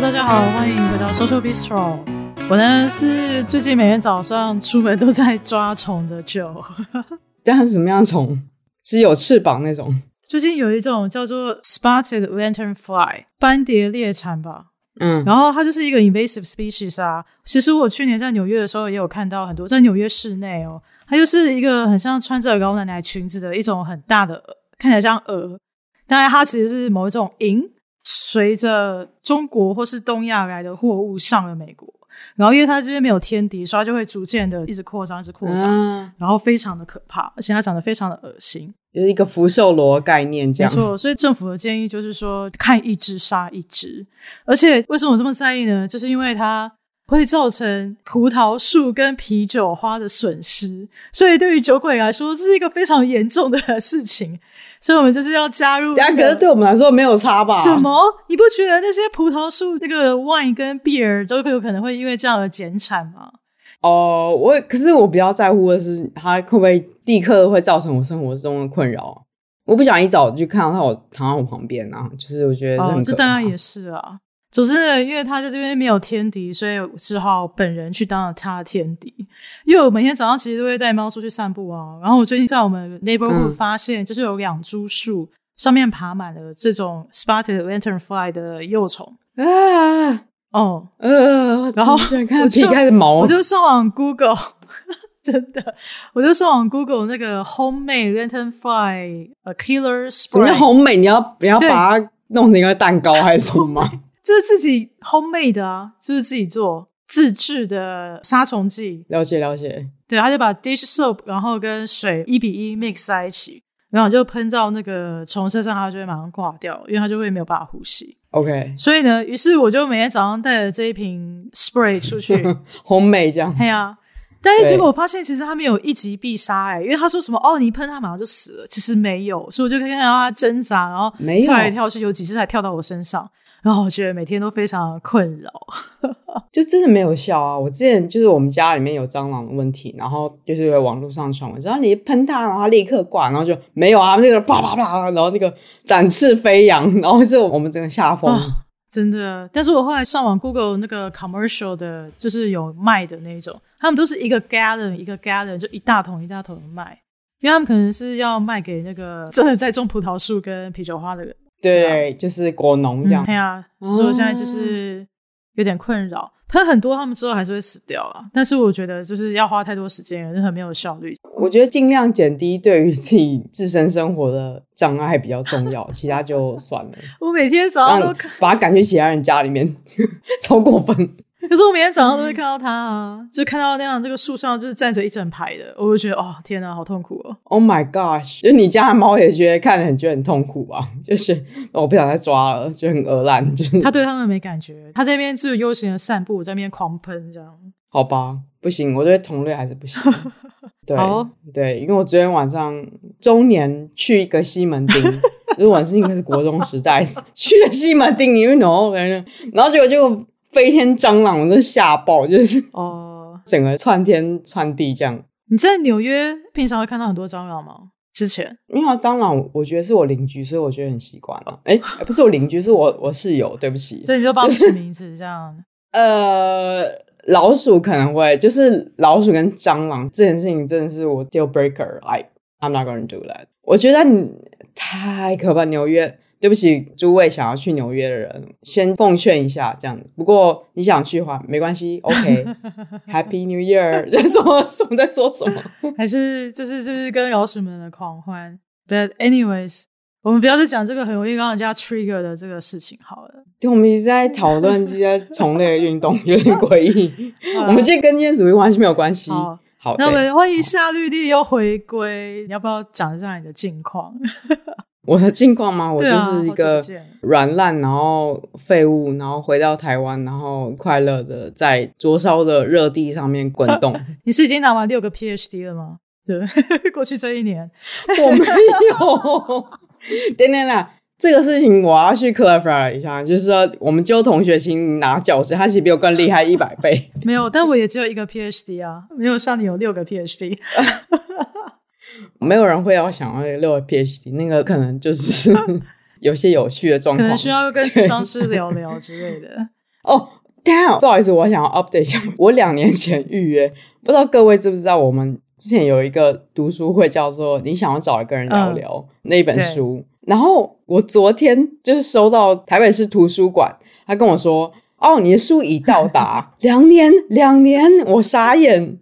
大家好，歡迎回到 Social Bistro。我呢是最近每天早上出門都在抓蟲的 Jo 但是什麼樣蟲？是有翅膀那種。最近有一種叫做 Spotted Lanternfly 斑蝶獵蟬吧。嗯。然後它就是一個 invasive species 啊。其實我去年在紐約的時候也有看到很多，在紐約市內哦，它就是一個很像穿着老奶奶裙子的一種很大的蛾，看起來像蛾，但它其實是某一種蠅。隨着中國或是東亞來的貨物上了美國，然後因為它這邊沒有天敵，所以它就會逐漸的一直擴張，一直擴張，嗯、然後非常的可怕，而且它長得非常的惡心，有一個福壽螺概念這樣。沒錯，所以政府的建議就是說，看一隻殺一隻，而且為什麼這麼在意呢？就是因為它。會造成葡萄樹跟啤酒花的損失，所以對於酒鬼來說這是一個非常嚴重的事情。所以我們就是要加入。但可是對我們來說沒有差吧？什麼？你不覺得那些葡萄樹、那、這個 wine 跟 beer 都有可能會因為這樣的減產嗎？哦，我可是我比較在乎的是，它會不會立刻會造成我生活中的困擾？我不想一早就看到它，我躺在我旁邊啊，啊就是我覺得哦、啊，這當然也是啊。總之，因為它在這邊沒有天敵，所以我只好本人去當了它的天敵。因為我每天早上其實都會帶貓出去散步啊。然後我最近在我們 neighborhood 發現，就是有兩株樹上面爬滿了這種 spotted lanternfly 的幼蟲啊。嗯、哦呃，呃，呃然後我一開始毛，我就上網 Google，真的，我就上網 Google 那個 homemade lanternfly a killer spray。什麼叫 homemade？你要你要把它弄成一個蛋糕還是什麼嗎？嗯這是自己 home made 啊，就是自己做自制的殺蟲劑。了解了解，對，他就把 dish soap 然後跟水一比一 mix 在一起，然後就噴到那個蟲身上，它就會馬上掛掉，因為它就會沒有辦法呼吸。OK，所以呢，於是我就每天早上帶着這一瓶 spray 出去 home made 這樣。對啊，但是結果我發現其實它沒有一擊必殺，欸，哎對，因為他說什麼哦，你一噴它馬上就死了，其實沒有，所以我就可以看到它掙扎，然後跳來跳去，有幾次才跳到我身上。然後我覺得每天都非常的困擾， 就真的沒有效啊！我之前就是我們家裡面有蟑螂的問題，然後就是網絡上傳聞，然後你一噴它，然後立刻掛，然後就沒有啊，那個啪啪啪啪，然後那個展翅飛揚，然後就我們整個嚇瘋。啊，真的，但是我後來上網 Google 那個 commercial 的，就是有賣的那一種，他們都是一個 gallon 一個 gallon，就一大桶一大桶的賣，因為他們可能是要賣給那個真的在種葡萄樹跟啤酒花的人。對，啊、就是果農一樣。對、嗯、啊，所以我現在就是有點困擾。他、哦、很多，他們之後還是會死掉了、啊。但是我覺得，就是要花太多時間，也是很沒有效率。我覺得盡量減低對於自己自身生活的障礙比較重要， 其他就算了。 我每天早上都看把它趕去其他人家裡面，呵呵超過分。可是我每天早上都會看到它啊，嗯、就看到，那樣這個樹上就是站着一整排的，我就覺得哦天哪，啊，好痛苦哦！Oh my gosh！就是你家的貓也覺得看得很覺得很痛苦啊。就是我，哦，不想再抓了，就很惡爛。它，就是，對它們沒感覺，它這邊是悠閒的散步，在那邊狂噴這樣。好吧，不行，我對同類還是不行。 對，哦，對，因為我昨天晚上周年去一個西門町，那晚 是應該是國中時代去了西門町 u you know。 然後結果就。飛天蟑螂，我都嚇爆，就是哦，uh, 整個竄天竄地這樣。你在紐約平常會看到很多蟑螂嗎？之前因為、啊、蟑螂，我覺得是我鄰居，所以我覺得很習慣了。哎，不是我鄰居， 是我我室友，對不起。所以你就報我的名字這樣，就是。呃，老鼠可能會，就是老鼠跟蟑螂這件事情真的是我 deal breaker, like, I'm not gonna do that。我覺得你太可怕，紐約。對不起，諸位想要去紐約的人，先奉勸一下，這樣子。不過你想去的話，沒關係，OK。 Happy New Year！在說什麼在說什麼？還是就是就是跟老鼠們的狂歡？But anyways，我們不要再講這個很容易讓人家 trigger 的這個事情好了。對，我們一直在討論這些蟲類運動，有點詭異。我們今天跟今天主題完全沒有關係。好，好那我們歡迎夏綠蒂又回歸。好你要不要講一下你的近況？ 我的近況嗎？啊、我就是一個軟爛，然後廢物，然後回到台灣，然後快樂的在灼燒的熱地上面滾動。 你是已經拿完六個 PhD 了嗎？對，過去這一年 我沒有。 點點啊，這個事情我要去 clarify 一下，就是說、啊、我們舊同學情拿獎學金他其實比我更厲害一百倍。 沒有，但我也只有一個 PhD 啊，沒有像你有六個 PhD。 沒有人會要想要六個 PhD，那個可能就是 有些有趣的狀況，可能需要跟諮商師聊聊之類的。哦對、啊， oh, 不好意思，我想要 update 一下，我兩年前預約，不知道各位知不知道，我們之前有一個讀書會，叫做你想要找一個人聊聊、uh, 那一本書。對然後我昨天就是收到台北市圖書館，他跟我說：“哦、oh,，你的書已到達。” 兩年，兩年，我傻眼。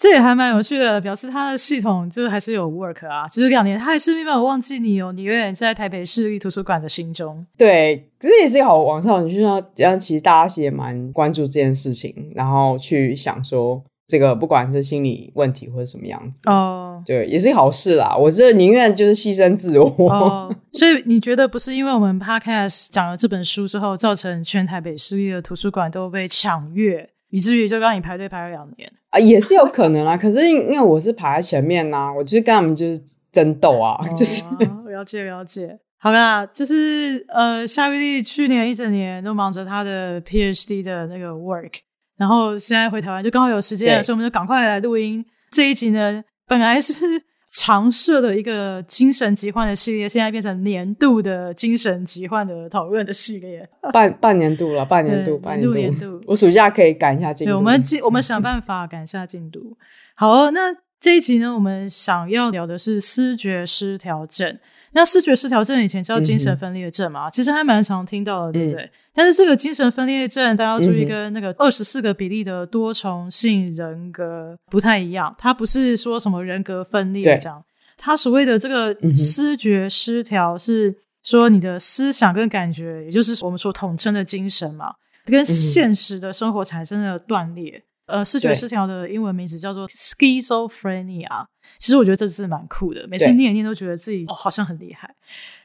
這也還蠻有趣的，表示他的系統就還是有 work 啊。其實兩年他還是沒有忘記你哦，你永遠在台北市立圖書館的心中。對，這也是一個好網上你就像，讓其實大家其實也蠻關注這件事情，然後去想說這個不管是心理問題或者什麼樣子哦，oh, 對，也是好事啦。我這寧願就是犧牲自我。Oh, 所以你覺得不是因為我們 podcast 講了這本書之後，造成全台北市立的圖書館都被搶閱，以至於就讓你排隊排了兩年？啊，也是有可能啊，可是因因為我是排在前面吶、啊，我就是跟他們就是爭鬥啊，就是、哦啊、了解了解，好啦，就是呃夏玉麗去年一整年都忙着他的 PhD 的那個 work，然後現在回台灣就剛好有時間，對所以我們就趕快來錄音這一集呢，本來是。常設的一個精神疾患的系列，現在變成年度的精神疾患的討論的系列，半半年度了，半年度，對半年度，年度我暑假可以趕一下進度，我們，我們想辦法趕一下進度。 好，那這一集呢，我們想要聊的是思覺失調症。那思覺失調症以前叫精神分裂症嘛，嗯、哼其實還蠻常聽到的，嗯、對不對？但是這個精神分裂症大家要注意跟那個二十四個比例的多重性人格不太一樣，它不是說什麼人格分裂這樣，對它所謂的這個思覺失調是說你的思想跟感覺，嗯、哼也就是我們所統稱的精神嘛，跟現實的生活產生了斷裂。呃，思覺失調的英文名字叫做 schizophrenia。對其實我覺得這是蠻酷的，每次念一念都覺得自己對、哦、好像很厲害。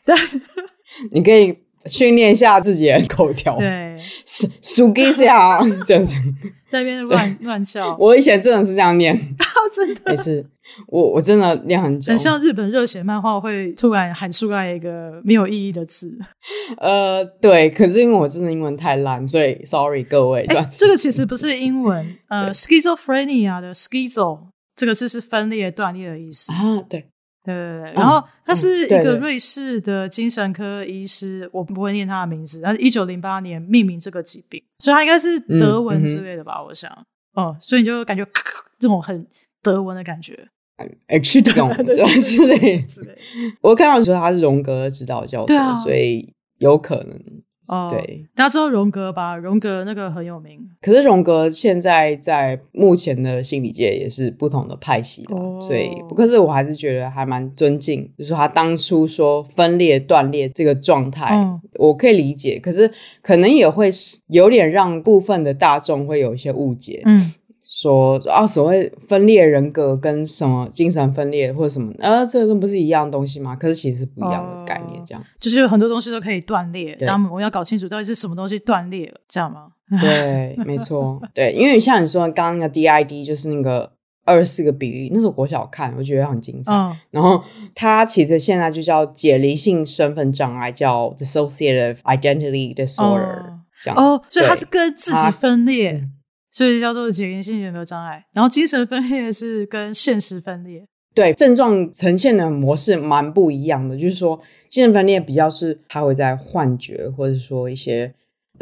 但你可以。訓練一下自己的口條， 對 s u k i s i a 這樣子，在那邊亂對亂叫。我以前真的是這樣念， 啊、真的。也是，我我真的念很久。很像日本熱血漫畫會突然喊出來一個沒有意義的字，呃，對。可是因為我真的英文太爛，所以 sorry 各位。欸、型這個其實不是英文， 對呃，schizophrenia 的 schizo 這個字是分裂、斷裂的意思啊，對。對，對，對，然後他是一個瑞士的精神科醫師，嗯、對對，我不會念他的名字，但是一九零八年命名這個疾病，所以他應該是德文之類的吧？嗯、我想，哦、嗯嗯，所以你就感覺、嗯、哼這種很德文的感覺，哎 對，去德文之類之類。我看到的時候，他是榮格指導教授，啊、所以有可能。Oh, 對，大家知道榮格吧？榮格那個很有名。可是榮格現在在目前的心理界也是不同的派系的，oh. 所以，可是我還是覺得還蠻尊敬，就是他當初說分裂斷裂這個狀態，oh. 我可以理解。可是可能也會是有點讓部分的大眾會有一些誤解。嗯。說啊，所謂分裂人格跟什麼精神分裂或者什麼，呃，這都不是一樣東西嗎？可是其實是不一樣的概念，oh, 這樣就是有很多東西都可以斷裂。對然後我們要搞清楚到底是什麼東西斷裂這樣嗎？對，沒錯， 對，因為像你說的剛剛那個 DID 就是那個二十四個比喻，那時候我國小看，我覺得很精彩。Oh. 然後它其實現在就叫解離性身份障礙，叫 dissociative identity disorder，oh. 這樣哦，oh, 對所以它是跟自己分裂。啊嗯所以叫做解離性人格障礙，然後精神分裂是跟現實分裂，對，症狀呈現的模式蠻不一樣的。就是說，精神分裂比較是他會在幻覺，或者說一些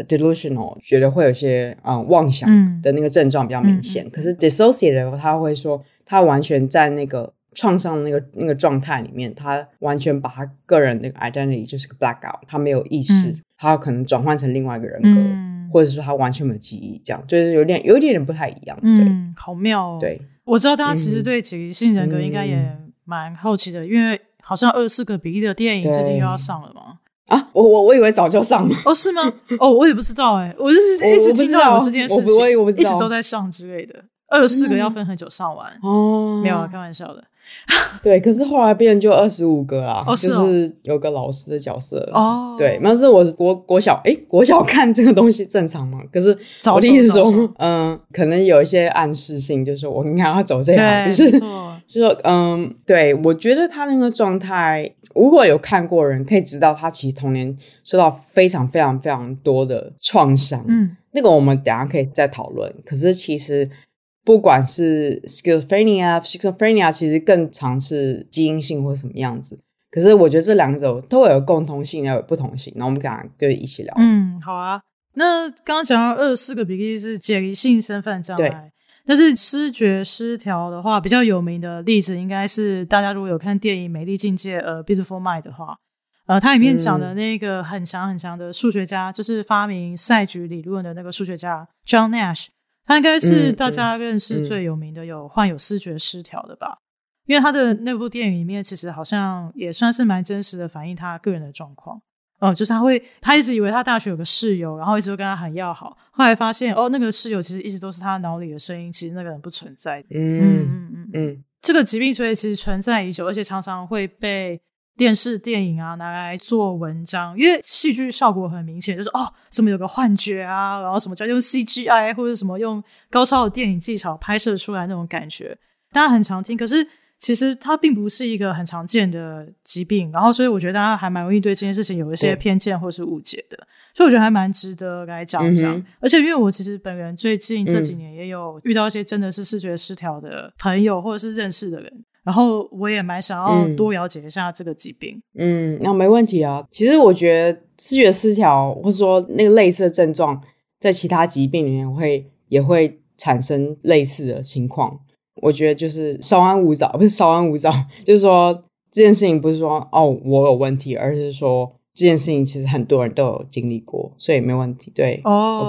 delusional，覺得會有一些、呃、妄想的那個症狀比較明顯。嗯、可是 dissociated 他會說他完全在那個創傷那個那個狀態裡面，他完全把他個人那個 identity 就是個 blackout，他沒有意識。嗯他可能轉換成另外一個人格，嗯、或者說他完全沒有記憶，這樣就是有點有一點點不太一樣。對，嗯，好妙。哦。對，我知道大家其實對解離性人格應該也蠻好奇的，嗯、因為好像二十四個比利的電影最近又要上了嘛。啊，我我我以為早就上了哦？是嗎？哦，我也不知道哎，欸，我就是一直我我不知道我這件事情，我，我一直都在上之類的。二十四個要分很久上完哦？沒有，啊，開玩笑的。 對，可是後來變成就二十五個啊。哦是哦，就是有個老師的角色哦。對，那是我國國小，誒國小看這個東西正常嗎？可是早意的時候嗯，可能有一些暗示性，就是我應該要走這對就是，錯就說，嗯，對我覺得他那個狀態，如果有看過人可以知道，他其實童年受到非常非常非常多的創傷。嗯，那個我們等下可以再討論。可是其實。不管是 schizophrenia、schizophrenia，其實更常是基因性或什麼樣子。可是我覺得這兩種都有共同性，也有不同性。那我們剛剛就一起聊。嗯，好啊。那剛剛講到二十四個比例是解離性身份障礙，對但是思覺失調的話，比較有名的例子應該是大家如果有看電影《美麗境界》呃，《Beautiful Mind》的話，呃，它裡面講的那個很強很強的數學家，就是發明賽局理論的那個數學家 John Nash。他應該是大家認識最有名的，有患有思覺失調的吧？嗯嗯、因為他的那部電影裡面，其實好像也算是蠻真實的反映他個人的狀況。哦、呃，就是他會，他一直以為他大學有個室友，然後一直都跟他很要好，後來發現哦，那個室友其實一直都是他腦裡的聲音，其實那個人不存在的嗯嗯。嗯嗯嗯嗯，這個疾病所以其實存在已久，而且常常會被。電視、電影啊，拿來做文章，因為戲劇效果很明顯，就是哦，什麼有個幻覺啊，然後什麼叫用 CGI 或者什麼用高超的電影技巧拍攝出來那種感覺，大家很常聽。可是其實它並不是一個很常見的疾病，然後所以我覺得大家還蠻容易對這件事情有一些偏見或是誤解的，嗯、所以我覺得還蠻值得來講講。嗯、哼而且因為我其實本人最近這幾年也有遇到一些真的是思覺失調的朋友，或者是認識的人。然後我也蠻想要多了解一下這個疾病。嗯，那、嗯哦、沒問題啊。其實我覺得思覺失調或者說那個類似的症狀，在其他疾病裡面會也會產生類似的情況。我覺得就是稍安勿躁，不是稍安勿躁，就是說這件事情不是說哦，我有問題，而是說這件事情其實很多人都有經歷過，所以沒問題。對、哦、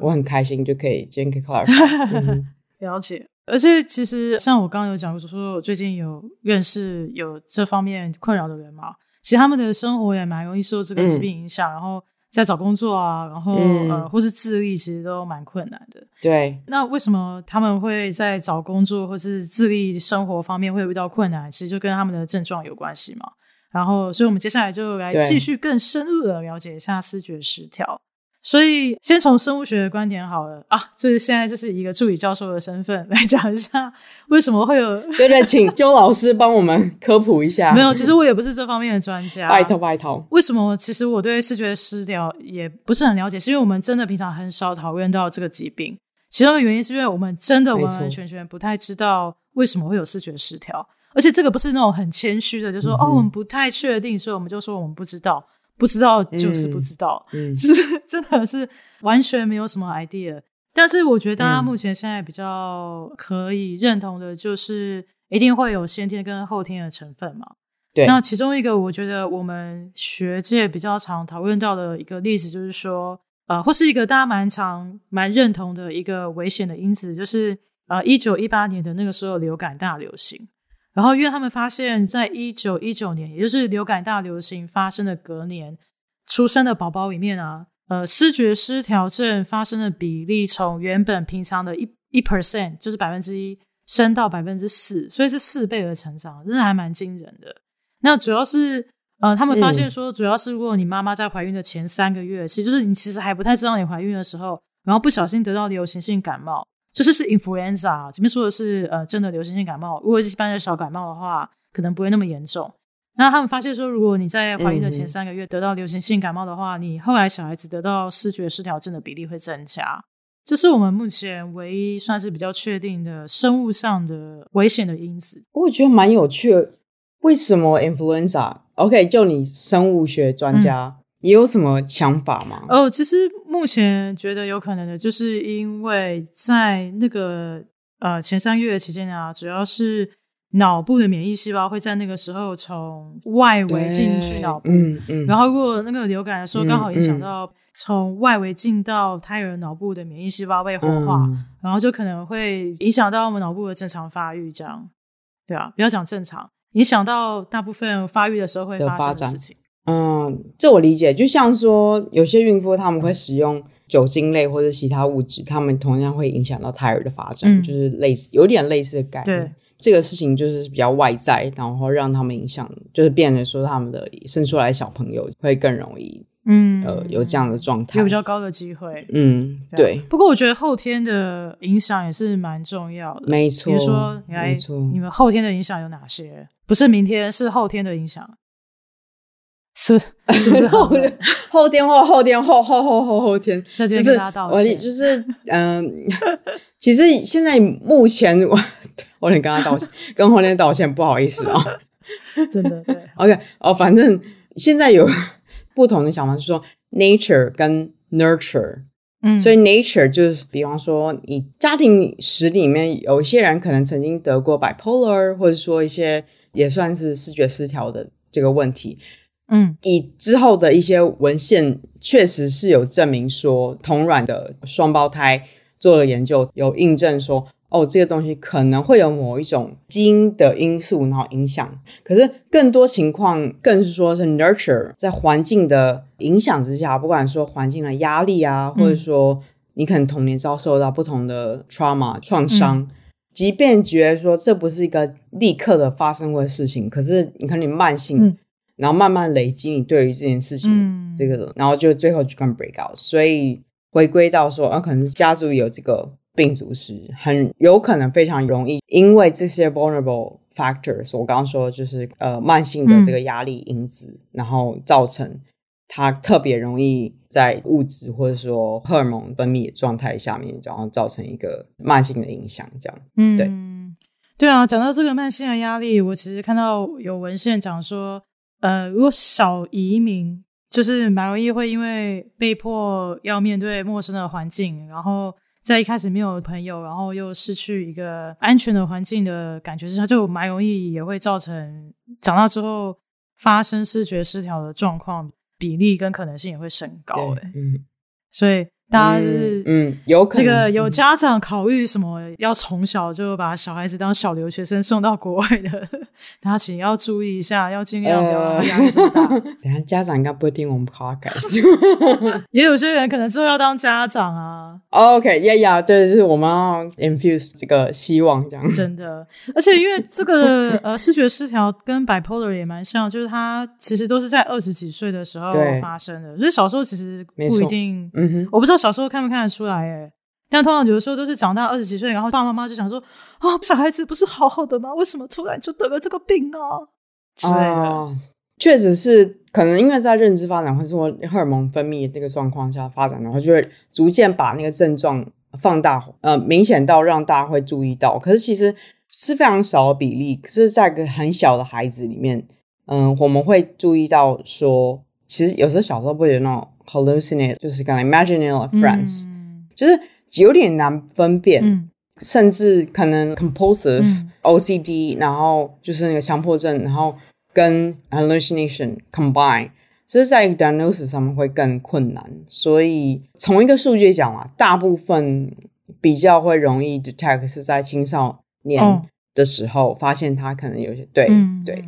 OK，我很開心就可以今天可以靠耳、 嗯、了解。而且其實，像我剛剛有講過，說我最近有認識有這方面困擾的人嘛，其實他們的生活也蠻容易受這個疾病影響，嗯、然後在找工作啊，然後、嗯、呃，或是自立，其實都蠻困難的。對，那為什麼他們會在找工作或是自立生活方面會遇到困難？其實就跟他們的症狀有關係嘛。然後，所以我們接下來就來繼續更深入的了、了解一下思覺失調。所以，先從生物學的觀點好了啊，就是現在就是一個助理教授的身份來講一下，為什麼會有？對對，請周老師幫我們科普一下。 沒有，其實我也不是這方面的專家。拜托拜托。為什麼？其實我對思覺失調也不是很了解，是因為我們真的平常很少討論到這個疾病。其中的原因是因為我們真的完完全全不太知道為什麼會有思覺失調，錯而且這個不是那種很謙虛的就是，就說、嗯嗯、哦，我們不太確定，所以我們就說我們不知道。不知道就是不知道，嗯，是、嗯、 真的是完全沒有什麼 idea。但是我覺得大家目前現在比較可以認同的就是，一定會有先天跟後天的成分嘛。對，那其中一個我覺得我們學界比較常討論到的一個例子，就是說，呃，或是一個大家蠻常蠻認同的一個危險的因子，就是呃，1918年的那個時候流感大流行。然後，因為他們發現，在一九一九年，也就是流感大流行發生的隔年，出生的寶寶裡面啊，呃，思覺失調症發生的比例從原本平常的一一 percent，就是百分之一，升到百分之四，所以是四倍的成長，真的還蠻驚人的。那主要是，呃，他們發現說，主要是如果你媽媽在懷孕的前三個月，其實、嗯、就是你其實還不太知道你懷孕的時候，然後不小心得到流行性感冒。就是是 influenza，前面說的是呃，真的流行性感冒。如果是一般的小感冒的話，可能不會那麼嚴重。那他們發現說，如果你在懷孕的前三個月得到流行性感冒的話，嗯嗯，你後來小孩子得到思覺失調症的比例會增加。這是我們目前唯一算是比較確定的生物上的危險的因子。我覺得蠻有趣的，為什麼 influenza？OK，、okay, 就你生物學專家。嗯你有什麼想法嗎？哦，其實目前覺得有可能的就是因為在那個呃前三個月的期間啊，主要是腦部的免疫細胞會在那個時候從外圍進去腦部，嗯嗯，嗯然後如果那個流感的時候、嗯、剛好影響到從外圍進到胎兒腦部的免疫細胞被活化，嗯、然後就可能會影響到我們腦部的正常發育，這樣對啊，不要講正常，影響到大部分發育的時候會發生的事情。嗯，這我理解。就像說，有些孕婦他們會使用酒精類或者其他物質，他們同樣會影響到胎兒的發展，嗯、就是類似有點類似的概念。對。這個事情就是比較外在，然後讓他們影響，就是變得說他們的生出來小朋友會更容易，嗯，呃，有這樣的狀態，有比較高的機會。嗯，對。對。不過我覺得後天的影響也是蠻重要的。沒錯。說你說，你沒錯。你們後天的影響有哪些？不是明天，是後天的影響。是，是。 後天後後天或後後後後天，這就是我就是嗯、呃，其實現在目前我我得跟他道歉，跟後天道歉，不好意思啊、哦， 對對對。OK，哦，反正現在有不同的想法，是說 nature 跟 nurture，嗯，所以 nature 就是比方說你家庭史裡面有一些人可能曾經得過 bipolar，或者說一些也算是思覺失調的這個問題。嗯，以之後的一些文獻確實是有證明說，同卵的雙胞胎做了研究，有印證說，哦，這個東西可能會有某一種基因的因素，然後影響。可是更多情況更是說是 nurture 在環境的影響之下，不管說環境的壓力啊，嗯、或者說你可能童年遭受到不同的 trauma 創傷，嗯、即便覺得說這不是一個立刻的發生過的事情，可是你看你慢性。嗯然後慢慢累積，你對於這件事情、嗯、這個，然後就最後就 can break out。所以回歸到說，啊，可能是家族有這個病毒時，很有可能非常容易，因為這些 vulnerable factors，我剛剛說就是呃，慢性的這個壓力因子，嗯、然後造成它特別容易在物質或者說荷爾蒙分泌的狀態下面，然後造成一個慢性的影響，這樣。嗯，對，對啊。講到這個慢性的壓力，我其實看到有文獻講說。呃，如果小移民，就是蠻容易，會因為被迫要面對陌生的環境，然後在一開始沒有朋友，然後又失去一個安全的環境的感覺，之下，就蠻容易也會造成長大之後發生思覺失調的狀況比例跟可能性也會升高，欸，嗯，所以。但是，是嗯，嗯，有那個有家長考慮什麼，嗯、要從小就把小孩子當小留學生送到國外的，大 家請要注意一下，要盡量的、呃、 等下家長應該不會聽我們考雅思。 也有些人可能之後要當家長啊。OK，呀呀，對，就是我們要 infuse 這個希望這樣。真的，而且因為這個呃，思覺失調跟 bipolar 也蠻像，就是他其實都是在二十幾歲的時候發生的，對所以小時候其實不一定。嗯哼，我不知道。小時候看不看得出來耶？但通常有的時候都是長大二十幾歲，然後爸爸媽媽就想說：“啊、哦，小孩子不是好好的嗎？為什麼突然就得了這個病啊？”啊、呃，確實是可能因為在認知發展或是說荷爾蒙分泌的那個狀況下的發展，的話就會逐漸把那個症狀放大，呃，明顯到讓大家會注意到。可是其實是非常少的比例，可是在一個很小的孩子裡面，嗯、呃，我們會注意到說，其實有時候小時候不覺得那 Hallucinate 就是講 imaginary friends，、嗯、就是有點難分辨，嗯、甚至可能 compulsive、嗯、OCD，然後就是那個強迫症，然後跟 hallucination combined，所以在 diagnosis 上面會更困難。所以從一個數據講嘛，大部分比較會容易 detect 是在青少年的時候、哦、發現他可能有些對、嗯、對，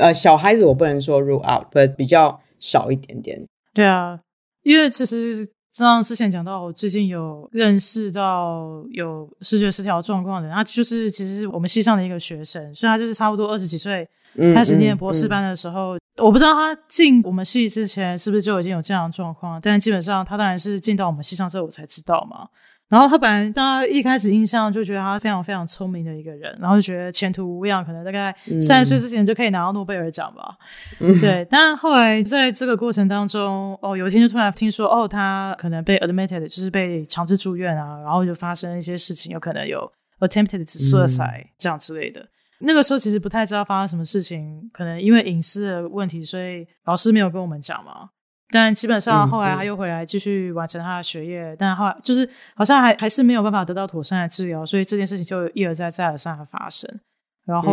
呃，小孩子我不能說 rule out，but 比較少一點點，對啊。因為其實像之前講到，我最近有認識到有思覺失調狀況的人，他就是其實是我們系上的一個學生，所以他就是差不多二十幾歲開始唸博士班的時候，嗯嗯嗯、我不知道他進我們系之前是不是就已經有這樣的狀況，但基本上他當然是進到我們系上之後我才知道嘛。然後他本來大家一開始印象就覺得他非常非常聰明的一個人，然後就覺得前途無量，可能大概三十歲之前就可以拿到諾貝爾獎吧。嗯、對，但後來在這個過程當中，哦，有一天就突然聽說，哦，他可能被 admitted，就是被強制住院啊，然後就發生了一些事情，有可能有 attempted suicide、嗯、這樣之類的。那個時候其實不太知道發生什麼事情，可能因為隱私的問題，所以老師沒有跟我們講嘛。但基本上後來他又回來繼續完成他的學業，嗯嗯、但後來就是好像還還是沒有辦法得到妥善的治療，所以這件事情就一而再再而三的發生。然後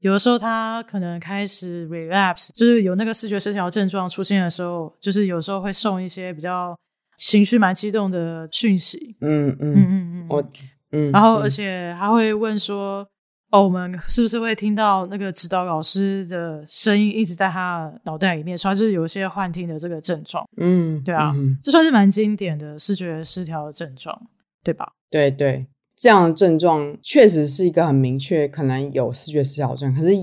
有的時候他可能開始 relapse，就是有那個思覺失調症狀出現的時候，就是有時候會送一些比較情緒蠻激動的訊息。嗯嗯嗯嗯，嗯，然後而且他會問說。哦，我們是不是會聽到那個指導老師的聲音一直在他腦袋裡面，就是有一些幻聽的這個症狀？嗯，對啊，嗯、這算是蠻經典的思覺失調的症狀，對吧？對對，這樣的症狀確實是一個很明確，可能有思覺失調症，可是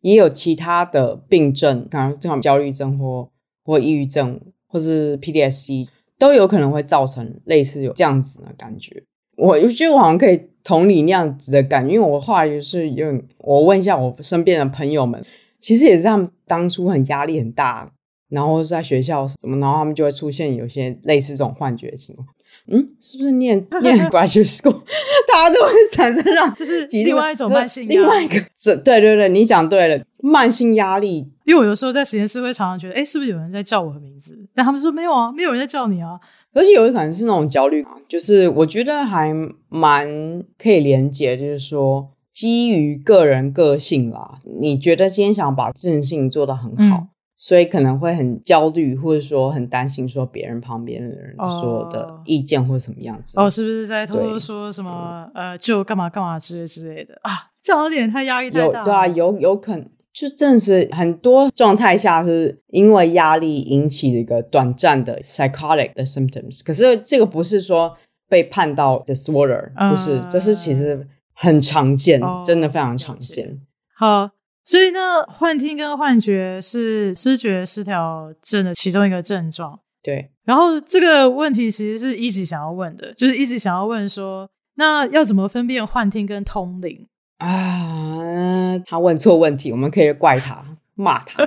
也有其他的病症，可能這種焦慮症或或抑鬱症，或是 PTSD 都有可能會造成類似有這樣子的感覺。我覺得我好像可以。同理那樣子的感覺，因為我後來就是因為我問一下我身邊的朋友們，其實也是他們當初很壓力很大，然後在學校什麼，然後他們就會出現有些類似這種幻覺的情況。嗯，是不是念念 graduate school， 大家都會產生這樣，就是另外一種慢性壓力。 對，對對對，你講對了，慢性壓力。因為我有時候在實驗室會常常覺得，誒，是不是有人在叫我的名字？但他們說沒有啊，沒有人在叫你啊。而且有可能是那種焦慮、啊、就是我覺得還蠻可以連接，就是說基於個人個性啦、啊，你覺得今天想把這件事情做得很好，嗯、所以可能會很焦慮，或者說很擔心，說別人旁邊的人說的意見或者什麼樣子。哦，對哦，是不是在偷偷說什麼？對呃，就幹嘛幹嘛之類之類的啊，這樣有點太壓抑太大。有對啊，有有，有可能。就正是很多狀態下，是因為壓力引起的一個短暫的 psychotic 的 symptoms。可是這個不是說被判到 disorder，不是，呃、這是其實很常見，哦、真的非常常見。好，所以呢，幻聽跟幻覺是思覺失調症的其中一個症狀。對，然後這個問題其實是一直想要問的，就是一直想要問說，那要怎麼分辨幻聽跟通靈？啊，他問錯問題，我們可以怪他罵他。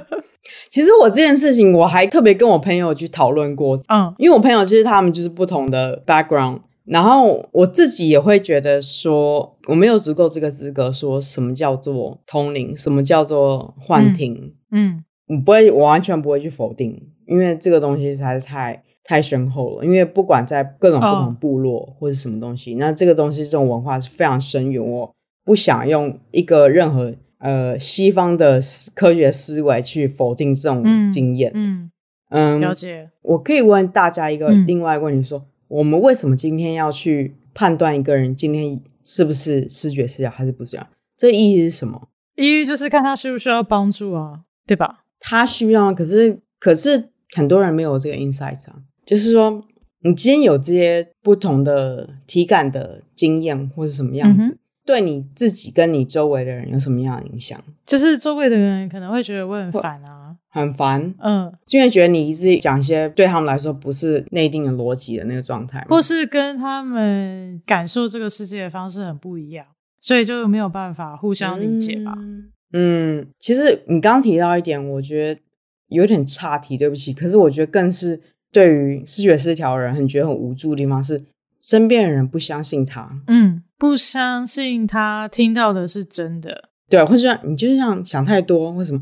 其實我這件事情，我還特別跟我朋友去討論過。嗯，因為我朋友其實他們就是不同的 background，然後我自己也會覺得說，我沒有足夠這個資格說什麼叫做通靈，什麼叫做幻聽、嗯。嗯，我不會我完全不會去否定，因為這個東西實在是太太深厚了。因為不管在各種不同部落或者什麼東西，哦、那這個東西這種文化是非常深遠哦。我不想用一個任何呃西方的科學思維去否定這種經驗嗯。嗯，嗯，了解。我可以問大家一個另外一個問題：嗯、說我們為什麼今天要去判斷一個人今天是不是思覺失調還是不是這樣？這意義是什麼？意義就是看他需不需要幫助啊，對吧？他需要，可是可是很多人沒有這個 insights 啊，就是說你今天有這些不同的體感的經驗或是什麼樣子。嗯對你自己跟你周圍的人有什麼樣的影響？就是周圍的人可能會覺得我很煩啊，很煩，嗯，就會覺得你一直講一些對他們來說不是內定的邏輯的那個狀態，或是跟他們感受這個世界的方式很不一樣，所以就沒有辦法互相理解吧。嗯，嗯，其實你剛提到一點，我覺得有點岔題，對不起。可是我覺得更是對於思覺失調的人很覺得很無助的地方是。身邊的人不相信他，嗯，不相信他聽到的是真的，對，或者說你就是這樣想太多，為什麼？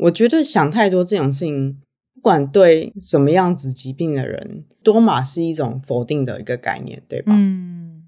我覺得想太多這種事情，不管對什麼樣子疾病的人，多嘛是一種否定的一個概念，對吧？嗯，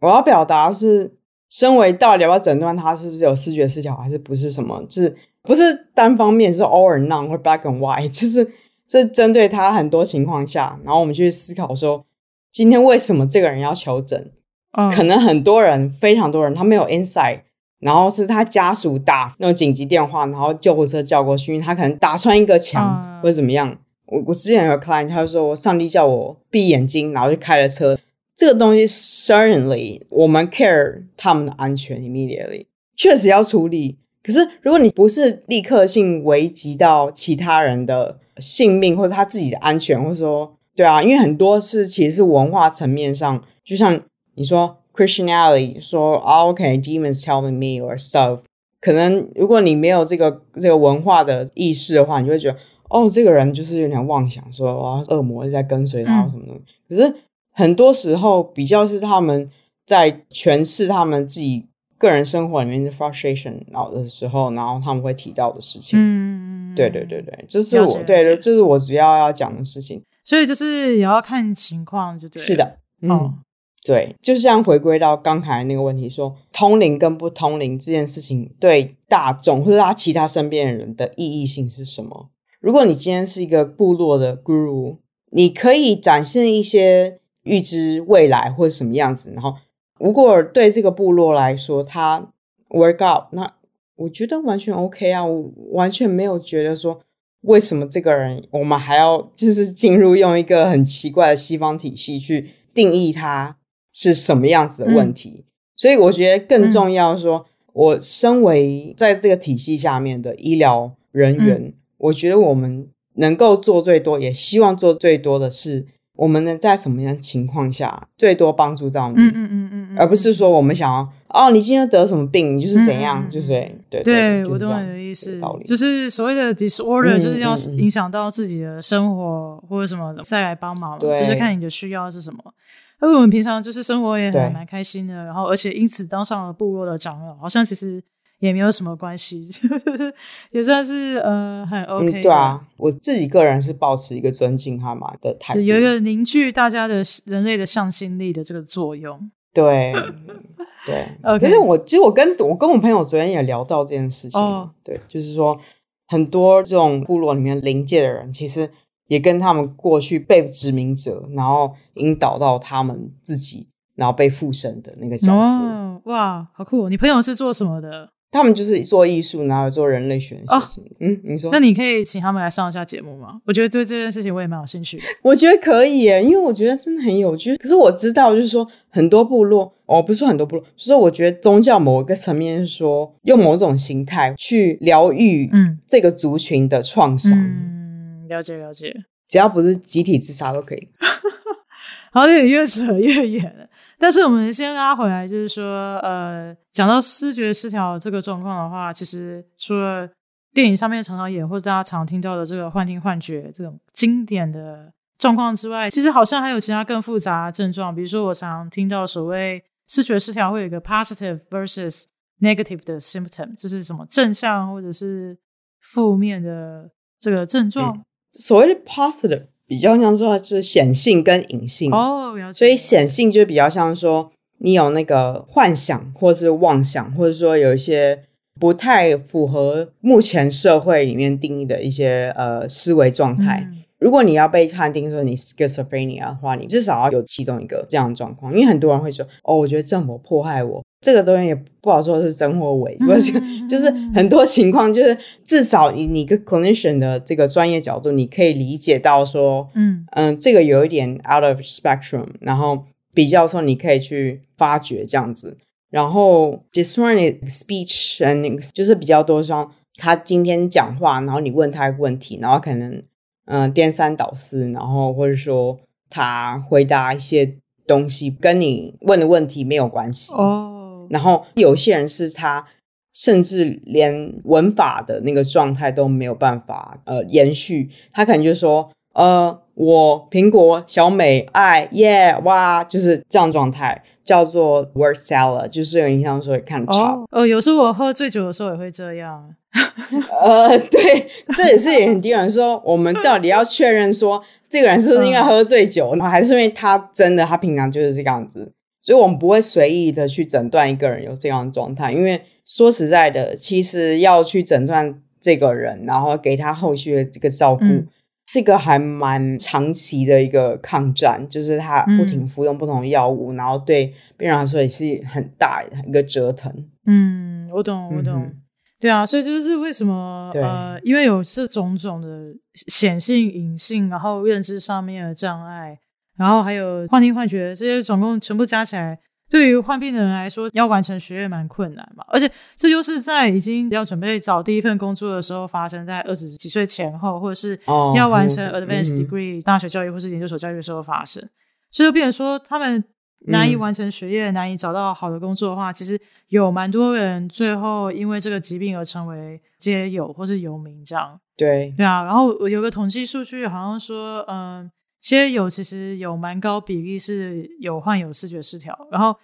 我要表達是，身為到底要,不要診斷他是不是有思覺失調，還是不是什麼，就是不是單方面是 all or none 或 black and white，就是這、就是、針對他很多情況下，然後我們去思考說。今天為什麼這個人要求診？Uh. 可能很多人，非常多人，他沒有 insight，然後是他家屬打那種緊急電話，然後救護車叫過去，他可能打穿一個牆、uh. 或者怎麼樣。我我之前有個 client，他就說，上帝叫我閉眼睛，然後就開了車。這個東西 certainly 我們 care 他們的安全 immediately，確實要處理。可是如果你不是立刻性危及到其他人的性命，或者他自己的安全，或者說。對啊，因為很多是其實是文化層面上，就像你說，Christianity 說啊、哦、OK, demons telling me or stuff，可能如果你沒有這個這個文化的意識的話，你就會覺得哦，這個人就是有點妄想，說哇、哦，惡魔在跟隨他、嗯、什麼的。可是很多時候，比較是他們在詮釋他們自己個人生活裡面的 frustration，然後的時候，然後他們會提到的事情。嗯，對對對對，這是我了解了解對，這是我主要要講的事情。所以就是也要看情況，就對。是的，嗯，嗯對，就像回歸到剛才那個問題說，說通靈跟不通靈這件事情對大眾或者他其他身邊的人的意義性是什麼？如果你今天是一個部落的 guru，你可以展現一些預知未來或者什麼樣子，然後如果對這個部落來說他 work out，那我覺得完全 OK 啊，我完全沒有覺得說。為什麼這個人，我們還要就是進入用一個很奇怪的西方體系去定義他是什麼樣子的問題？嗯、所以我覺得更重要的說，說、嗯、我身為在這個體系下面的醫療人員，嗯、我覺得我們能夠做最多，也希望做最多的是。我們能在什麼樣情況下最多幫助到你？嗯嗯嗯，而不是說我們想要哦，你今天得什麼病，你就是怎樣，就是對對。我懂你的意思，就是所謂的 disorder，就是要影響到自己的生活或者什麼再來幫忙。對，就是看你的需要是什麼。因為我們平常就是生活也還蠻開心的，然後而且因此當上了部落的長老，好像其實。也沒有什麼關係， 也算是呃很 OK，嗯。對啊，我自己個人是保持一個尊敬他嘛的態度，有一個凝聚大家的人類的向心力的這個作用。對對，可是我其實我跟我跟我朋友昨天也聊到這件事情，oh. 對，就是說很多這種部落裡面靈界的人，其實也跟他們過去被殖民者，然後引導到他們自己，然後被附身的那個角色。哇，oh, wow, 好酷！你朋友是做什麼的？他們就是做藝術，然後做人類學。啊、哦，嗯，你說，那你可以請他們來上一下節目嗎？我覺得對這件事情我也蠻有興趣。我覺得可以耶，因為我覺得真的很有趣。可是我知道，就是說很多部落，哦，不是說很多部落，所、就是我覺得宗教某一個層面說，用某種形態去療癒這個族群的創傷、嗯。嗯，了解了解。只要不是集體自殺都可以。 好像越扯越遠了。但是我們先拉回來，就是說，呃，講到思覺失調這個狀況的話，其實除了電影上面常常演或者大家常聽到的這個幻聽、幻覺這種經典的狀況之外，其實好像還有其他更複雜的症狀。比如說，我常聽到所謂思覺失調會有一個 positive versus negative 的 symptom，就是什麼正向或者是負面的這個症狀，所謂的 positive，比較像說，是顯性跟隱性哦，了解了。所以顯性就比較像說，你有那個幻想或是妄想，或者說有一些不太符合目前社會裡面定義的一些呃思維狀態。嗯，如果你要被判定說你 schizophrenia 的話，你至少要有其中一個這樣的狀況。因為很多人會說，哦，我覺得政府迫害我。這個東西也不好說是真或偽，不是，嗯、就是很多情況就是至少以你個 clinician 的這個專業角度，你可以理解到說，嗯嗯、呃，這個有一點 out of spectrum，然後比較說你可以去發掘這樣子，然後 disoriented speech，and 就是比較多說他今天講話，然後你問他一個問題，然後可能嗯、呃、顛三倒四，然後或者說他回答一些東西跟你問的問題沒有關係哦。然後有些人是他，甚至連文法的那個狀態都沒有辦法呃延續，他可能就說呃我蘋果小美愛耶哇，就是這樣狀態叫做 word salad，就是有印象說也看不差哦。有時候我喝醉酒的時候也會這樣， 呃對，這也是有人說我們到底要確認說 這個人是不是因為喝醉酒，嗯、還是因為他真的他平常就是這樣子。所以，我們不會隨意的去診斷一個人有這樣的狀態，因為說實在的，其實要去診斷這個人，然後給他後續的這個照顧，嗯、是一個還蠻長期的一個抗戰，就是他不停服用不同的藥物，嗯、然後對病人來說也是很大的一個折騰。嗯，我懂，我懂。嗯、哼對啊，所以就是為什麼對呃，因為有這種種的顯性、隱性，然後認知上面的障礙。然後還有幻聽、幻覺這些，總共全部加起來，對於患病的人來說，要完成學業蠻困難嘛。而且，這就是在已經要準備找第一份工作的時候發生，在二十幾歲前後，或者是要完成 advanced degree、oh, mm hmm. 大學教育或是研究所教育的時候發生。所以，就變成說他們難以完成學業，嗯、難以找到好的工作的話，其實有蠻多人最後因為這個疾病而成為街友或是游民這樣。對，對啊。然後有個統計數據，好像說，嗯。街友其實有蠻高比例是有患有思覺失調，然後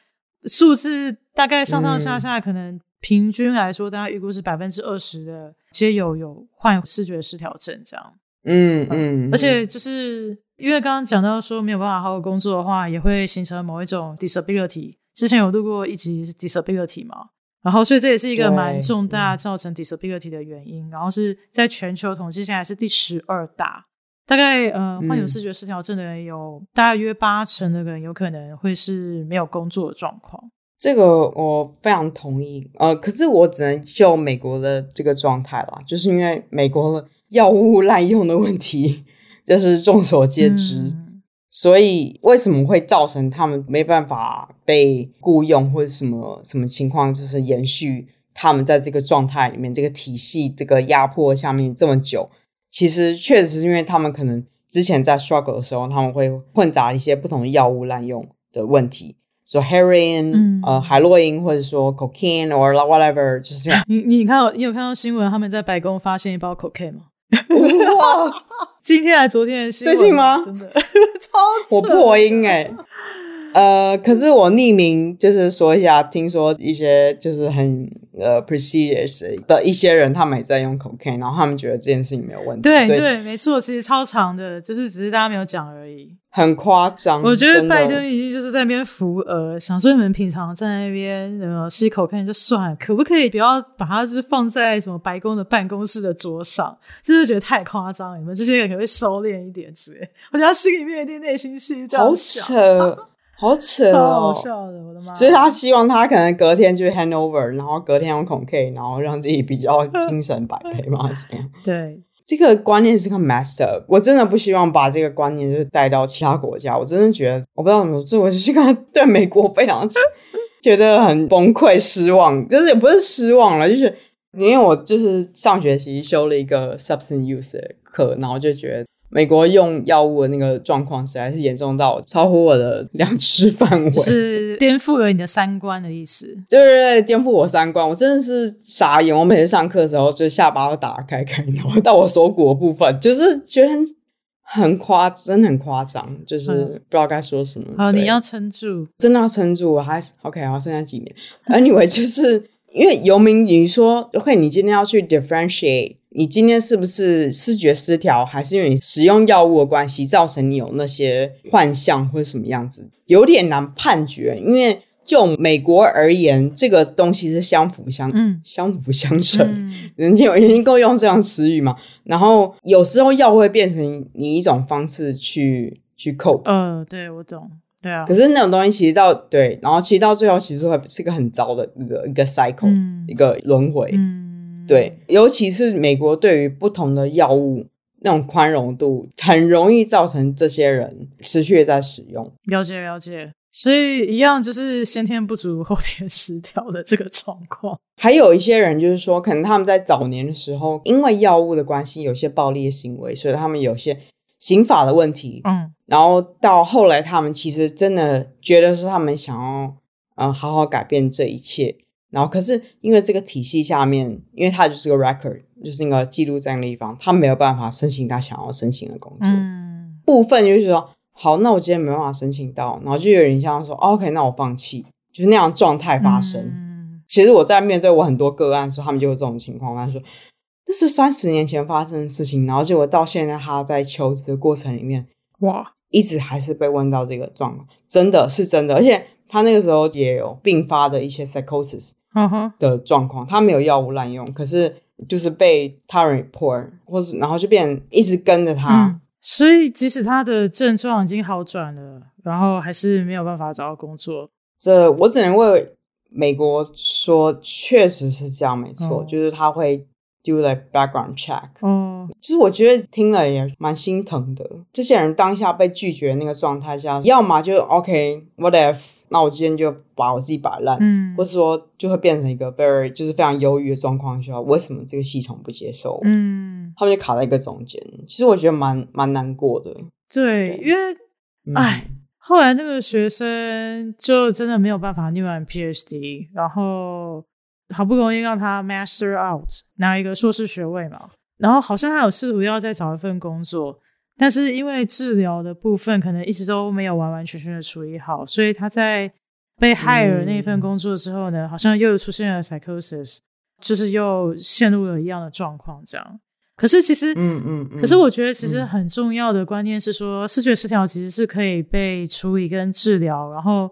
數字大概上上下下，嗯、可能平均來說，大家預估是百分之二十的街友有患思覺失調症這樣。嗯嗯，嗯而且就是因為剛剛講到說沒有辦法好好工作的話，也會形成某一種 disability。之前有錄過一集 disability 嘛，然後所以這也是一個蠻重大造成 disability 的原因。嗯、然後是在全球統計下來是第十二大。大概呃，患有思覺失調症的人有、嗯、大約八成的人有可能會是沒有工作的狀況。這個我非常同意，呃，可是我只能就美國的這個狀態啦，就是因為美國的藥物濫用的問題就是眾所皆知，嗯、所以為什麼會造成他們沒辦法被雇傭或者什麼什麼情況，就是延續他們在這個狀態裡面，這個體系這個壓迫下面這麼久。其實確實是因為他們可能之前在 struggle 的時候，他們會混雜一些不同的藥物濫用的問題，說、so, heroin，、嗯、呃，海洛因或者說 cocaine or whatever，就是這樣。你你看，你有看到新聞，他們在白宮發現一包 cocaine 嗎？哇， 今天還昨天的新聞？最近嗎？真的， 超扯的，我破音誒、欸呃，可是我匿名就是說一下，聽說一些就是很呃 precious 的一些人，他們也在用 cocaine，然後他們覺得這件事情沒有問題。對以對，沒錯，其實超長的，就是只是大家沒有講而已。很誇張，我覺得拜登已經就是在那邊扶額，的想說你們平常在那邊呃吸口看就算了，可不可以不要把它是放在什麼白宮的辦公室的桌上？這就是覺得太誇張，你們這些人可不可以收斂一點，之類。我覺得他心裡面有點內心戲，這樣。好扯。 好扯哦！超好笑的，我的媽！所以他希望他可能隔天就 hangover，然後隔天用 o 孔 K，然後讓自己比較精神百倍嘛， 這樣。對，這個觀念是個 messed up。我真的不希望把這個觀念就帶到其他國家。我真的覺得，我不知道怎麼說，我就是剛對美國非常 覺得很崩潰、失望，就是也不是失望了，就是因為我就是上學期修了一個 substance use 的課，然後就覺得。美國用藥物的那個狀況實在是嚴重到超乎我的量吃範圍，就是顛覆了你的三觀的意思，就是顛覆我三觀。我真的是傻眼，我每次上課的時候就下巴要打開開，然後到我鎖骨的部分，就是覺得很誇，真的很誇張，就是、嗯、不知道該說什麼。好，對你要撐住，真的要撐住，我還 OK 好，剩下幾年，Anyway，就是。 因為遊民，你說 OK，你今天要去 differentiate，你今天是不是思覺失調，還是因為你使用藥物的關係造成你有那些幻象，或者什麼樣子，有點難判決。因為就美國而言，這個東西是相輔相嗯相輔相成，人家有能夠用這樣的詞語嘛。然後有時候藥會變成你一種方式去去扣。嗯、呃，對我懂。對啊，可是那種東西其實到對，然後其實到最後其實會是一個很糟的一個一個 cycle，嗯，一個輪回。嗯，對，尤其是美國對於不同的藥物那種寬容度，很容易造成這些人持續的在使用。了解了解，所以一樣就是先天不足後天失調的這個狀況。還有一些人就是說，可能他們在早年的時候因為藥物的關係，有些暴力的行為，所以他們有些。刑法的問題，嗯，然後到後來，他們其實真的覺得說他們想要，嗯，呃，好好改變這一切，然後可是因為這個體系下面，因為他就是個 record，就是那個記錄在那個地方，他沒有辦法申請他想要申請的工作，嗯，部分就是說，好，那我今天沒辦法申請到，然後就有人像說，哦，OK，那我放棄，就是那樣狀態發生。嗯，其實我在面對我很多個案的時候，他們就有這種情況，他說。這是三十年前發生的事情，然後結果到現在，他在求職的過程裡面，哇，一直還是被問到這個狀況，真的是真的，而且他那個時候也有併發的一些 psychosis 的狀況，嗯、哼他沒有藥物濫用，可是就是被他人迫，或者然後就變一直跟着他，嗯，所以即使他的症狀已經好轉了，然後還是沒有辦法找到工作，這我只能為美國說，確實是這樣，沒錯，嗯，就是他會。Do like background check。哦。嗯，其實我覺得聽了也蠻心疼的。這些人當下被拒絕那個狀態下，要麼就 OK，what、okay, if？那我今天就把我自己擺爛。嗯，或者說就會變成一個 very 就是非常憂鬱的狀況下，為什麼這個系統不接受？嗯，他們就卡在一個中間。其實我覺得蠻蠻難過的。對，對。因為哎，嗯，後來那個學生就真的沒有辦法念完 PhD，然後。好不容易讓他 master out 拿一個碩士學位嘛，然後好像他有試圖要再找一份工作，但是因為治療的部分可能一直都沒有完完全全的處理好，所以他在被 hire 了那一份工作之後呢，嗯、好像又出現了 psychosis，就是又陷入了一樣的狀況這樣。可是其實，嗯嗯，嗯嗯可是我覺得其實很重要的觀念是說，嗯、思覺失調其實是可以被處理跟治療，然後。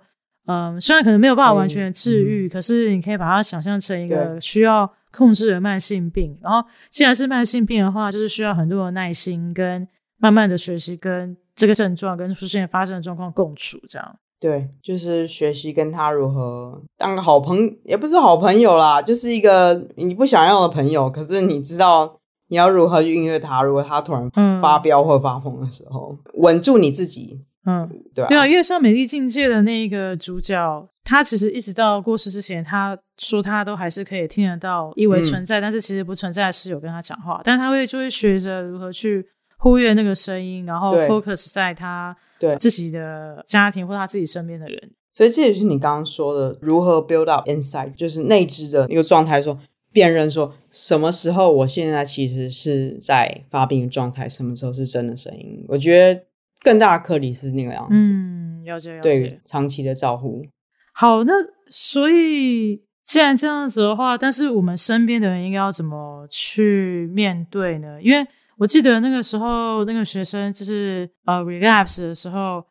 嗯，雖然可能沒有辦法完全治癒，嗯嗯、可是你可以把它想象成一個需要控制的慢性病。對然後，既然是慢性病的話，就是需要很多的耐心，跟慢慢的學習，跟這個症狀跟出現發生的狀況共處，這樣。對，就是學習跟他如何當個好朋友，也不是好朋友啦，就是一個你不想要的朋友。可是你知道你要如何去應對他，如果他突然發飆或發瘋的時候，嗯、穩住你自己。嗯，對啊，對啊，因為像《美麗境界》的那一個主角，他其實一直到過世之前，他說他都還是可以聽得到，嗯、以為存在，但是其實不存在的室友跟他講話，但他會就會學着如何去忽略那個聲音，然後 focus 在他對、呃、對自己的家庭或他自己身邊的人。所以這也是你剛剛說的，如何 build up insight，就是內置的一個狀態說，說辨認說什麼時候我現在其實是在發病狀態，什麼時候是真的聲音。我覺得。更大的顆粒是那個樣子。嗯，要這樣。對，長期的照顧。好，那所以既然這樣子的話，但是我們身邊的人應該要怎麼去面對呢？因為我記得那個時候那個學生就是呃 relapse 的時候，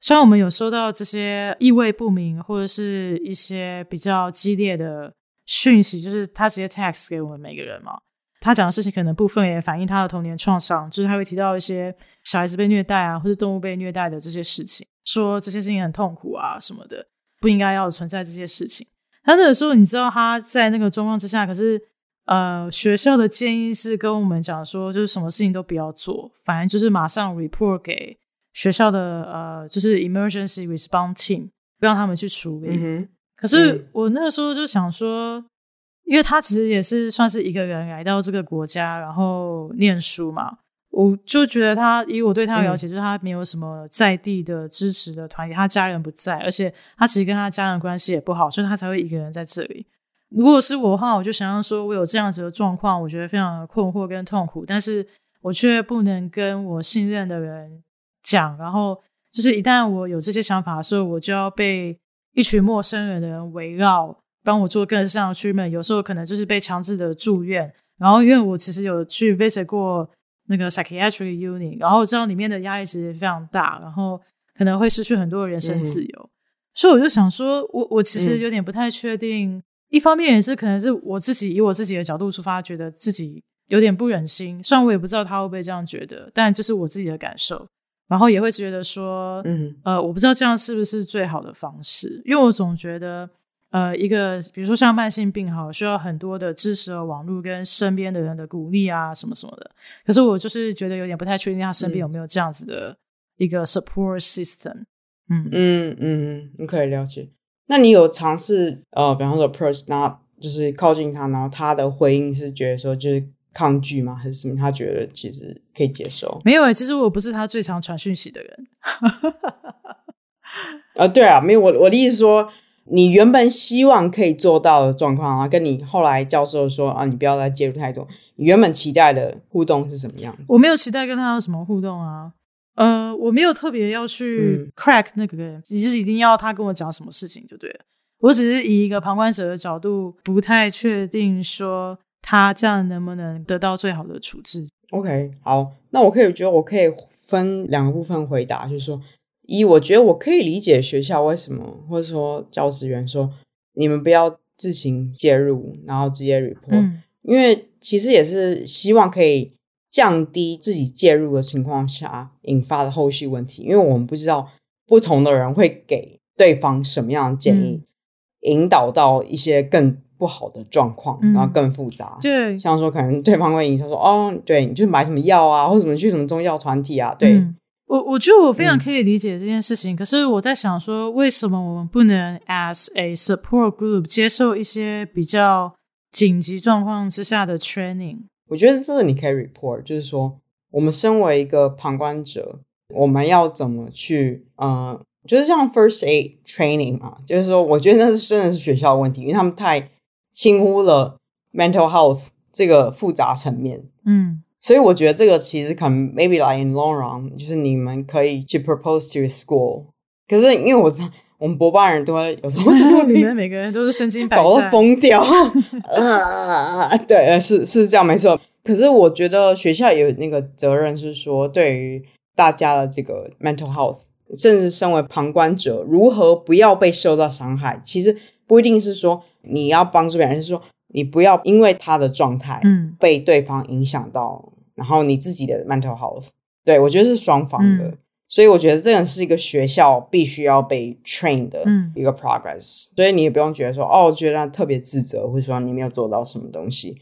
雖然我們有收到這些意味不明或者是一些比較激烈的訊息，就是他直接 text 給我們每個人嘛。他講的事情可能部分也反映他的童年創傷，就是他會提到一些小孩子被虐待啊，或者動物被虐待的這些事情，說這些事情很痛苦啊什麼的，不應該要存在這些事情。他那個時候，你知道他在那個狀況之下，可是呃，學校的建議是跟我們講說，就是什麼事情都不要做，反正就是馬上 report 給學校的呃，就是 emergency response team，讓他們去處理。嗯、哼可是我那個時候就想說。因為他其實也是算是一個人來到這個國家，然後念書嘛，我就覺得他，以我對他的了解，嗯、就是他沒有什麼在地的支持的團體，他家人不在，而且他其實跟他家人關係也不好，所以他才會一個人在這裡。如果是我的話，我就想要說我有這樣子的狀況，我覺得非常的困惑跟痛苦，但是我卻不能跟我信任的人講。然後就是一旦我有這些想法的時候，我就要被一群陌生人的人圍繞。幫我做更像的 treatment，有時候可能就是被強制的住院。然後，因為我其實有去 visit 過那個 psychiatric unit，然後我知道裡面的壓力其實非常大，然後可能會失去很多人身自由。嗯、哼所以我就想說，我我其實有點不太確定。嗯、一方面也是可能是我自己以我自己的角度出發，覺得自己有點不忍心。雖然我也不知道他會不會這樣覺得，但這是我自己的感受。然後也會覺得說，嗯哼，呃，我不知道這樣是不是最好的方式，因為我總覺得。呃，一個比如說像慢性病好需要很多的支持和網絡跟身邊的人的鼓勵啊，什麼什麼的。可是我就是覺得有點不太確定他身邊有沒有這樣子的一個 support system。嗯嗯嗯，你可以了解。那你有嘗試呃，比方說 approach 就是靠近他，然後他的回應是覺得說就是抗拒嗎，還是什麼？他覺得其實可以接受？沒有、欸，其實我不是他最常傳訊息的人。啊、 呃，對啊，沒有，我我的意思說。你原本希望可以做到的狀況啊，跟你後來教授說啊，你不要再介入太多。你原本期待的互動是什麼樣子？我沒有期待跟他有什麼互動啊，呃，我沒有特別要去 crack 那個人，你就、嗯、是一定要他跟我講什麼事情就對了。我只是以一個旁觀者的角度，不太確定說他這樣能不能得到最好的處置。OK，好，那我可以覺得我可以分兩個部分回答，就是說。一，我覺得我可以理解學校為什麼，或者說教職員說你們不要自行介入，然後直接 report、嗯、因為其實也是希望可以降低自己介入的情況下引發的後續問題，因為我們不知道不同的人會給對方什麼樣的建議，嗯、引導到一些更不好的狀況，嗯、然後更複雜。對，像說可能對方會影響說哦，對，你去買什麼藥啊，或者什麼去什麼宗教團體啊，對。嗯我我覺得我非常可以理解這件事情，嗯、可是我在想說，為什麼我們不能 as a support group 接受一些比較緊急狀況之下的 training？我覺得這個你可以 report，就是說我們身為一個旁觀者，我們要怎麼去呃，就是像 first aid training 嘛、啊，就是說我覺得那是真的是學校的問題，因為他們太輕忽了 mental health 這個複雜層面，嗯。所以我覺得這個其實可能 maybe like in long run，就是你們可以去 propose to school。可是因為我知道我們博班人都會有時候說 你們每個人都是身經病，戰身經百戰，搞得瘋掉。呃， uh, 對，是是這樣，沒錯。可是我覺得學校有那個責任是說，對於大家的這個 mental health，甚至身為旁觀者如何不要被受到傷害，其實不一定是說你要幫助別人，是說你不要因為他的狀態，嗯，被對方影響到。嗯然後你自己的 mental health，對，我覺得是雙方的，嗯，所以我覺得這個是一個學校必須要被 train 的一個 progress，嗯，所以你也不用覺得說哦，我覺得他特別自責，或者說你沒有做到什麼東西，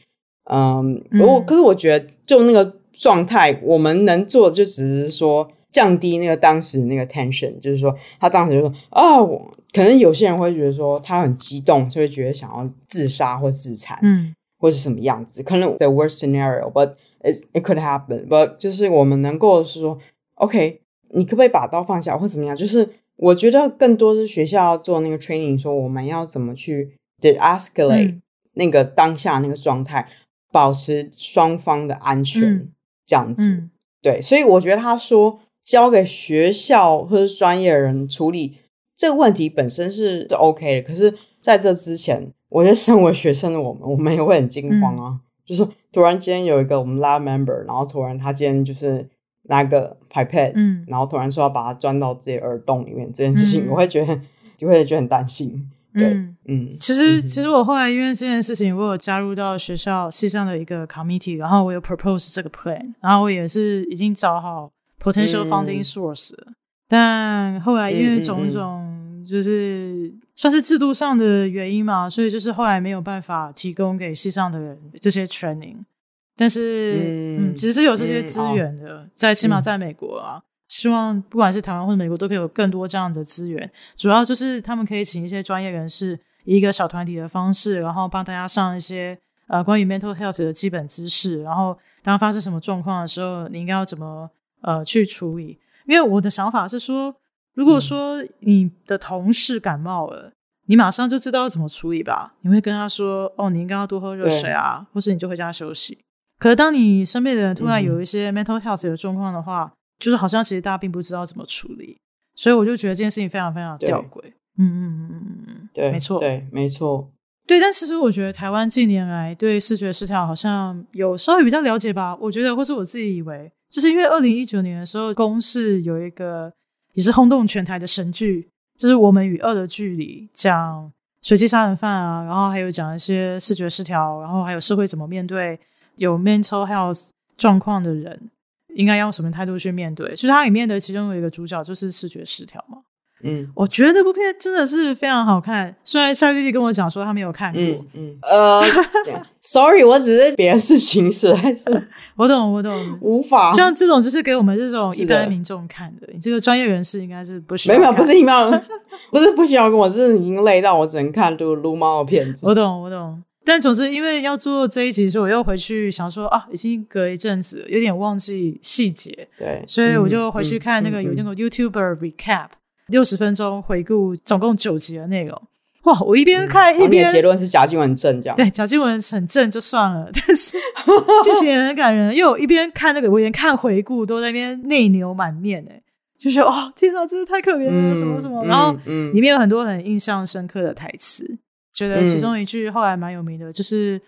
嗯，我可是我覺得就那個狀態，我們能做就只是說降低那個當時那個 tension，就是說他當時就說哦，可能有些人會覺得說他很激動，就會覺得想要自殺或自殘，嗯，或是什麼樣子，可能 the worst scenario，but It could happen，but 就是我們能夠是說，OK，你可不可以把刀放下，或者怎麼樣？就是我覺得更多是學校要做那個 training，說我們要怎麼去 de-escalate 那個當下那個狀態，嗯、保持雙方的安全，嗯、這樣子。嗯、對，所以我覺得他說交給學校或者專業人處理這個問題本身是是 OK 的，可是在這之前，我覺得身為學生的我們，我們也會很驚慌啊。嗯就是突然間有一個我們 lab member，然後突然他今天就是那個 pipette，嗯，然後突然說要把它鑽到自己耳洞裡面，嗯、這件事情我會覺得就會覺得很擔心。對，嗯，嗯其實其實我後來因為這件事情，我有加入到學校系上的一個 committee，然後我有 propose 這個 plan，然後我也是已經找好 potential funding source，了、嗯、但後來因為種種、嗯。嗯嗯就是算是制度上的原因嘛，所以就是後來沒有辦法提供給系上的人，這些 training，但是嗯，嗯其實是有這些資源的，嗯、在起碼在美國啊，嗯、希望不管是台灣或者美國，都可以有更多這樣的資源。主要就是他們可以請一些專業人士，以一個小團體的方式，然後幫大家上一些呃關於 mental health 的基本知識，然後當發生什麼狀況的時候，你應該要怎麼呃去處理。因為我的想法是說。如果說你的同事感冒了，你馬上就知道怎麼處理吧？你會跟他說：“哦，你應該要多喝熱水啊，對或是你就回家休息。”可是當你身邊的人突然有一些 mental health 的狀況的話，嗯、就是好像其實大家並不知道怎麼處理，所以我就覺得這件事情非常非常吊詭。嗯嗯嗯嗯嗯，對，沒錯，對，沒錯，對。但其實我覺得台灣近年來對思覺失調好像有稍微比較了解吧？我覺得，或是我自己以為，就是因為二零一九年的時候，公視有一個。也是轟動全台的神劇，就是《我們與惡的距離》，講隨機殺人犯啊，然後還有講一些思覺失調，然後還有社會怎麼面對有 mental health 狀況的人，應該要用什麼態度去面對。其實它裡面的其中有一個主角就是思覺失調嘛。嗯，我覺得那部片真的是非常好看。雖然夏弟弟跟我講說他沒有看過，嗯，嗯，呃 ，Sorry，我只是別的事情實在是近視還是我懂我懂，無法像這種就是給我們這種一般民眾看的，的你這個專業人士應該是不需要，沒有不是一般，不是不需要跟我， 是已經累到我只能看擼擼貓的片子。我懂我懂，但總之因為要做這一集，所以我又回去想說啊，已經隔一陣子了，有點忘記細節，對，所以我就回去、嗯、看那個有、嗯嗯、那個 YouTuber recap。六十分鐘回顧，總共九集的內容。哇！我一邊看一邊、嗯、結論是賈靜雯正這樣。對，賈靜雯很正就算了，但是劇 情也很感人。因為我一邊看那個，我一邊看回顧，都在那邊內牛滿面哎，就是哦，天哪，真是太可憐了，嗯、什麼什麼。然後、嗯嗯、裡面有很多很印象深刻的台詞，覺得其中一句後來蠻有名的，就是